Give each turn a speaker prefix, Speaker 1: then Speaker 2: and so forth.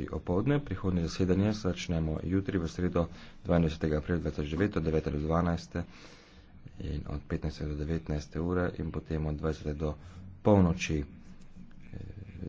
Speaker 1: Tudi opoldne prihodnje zasedanje začnemo jutri v sredo 20. april 2009 od 9. do 12. in od 15. do 19. ure in potem od 20. do polnoči.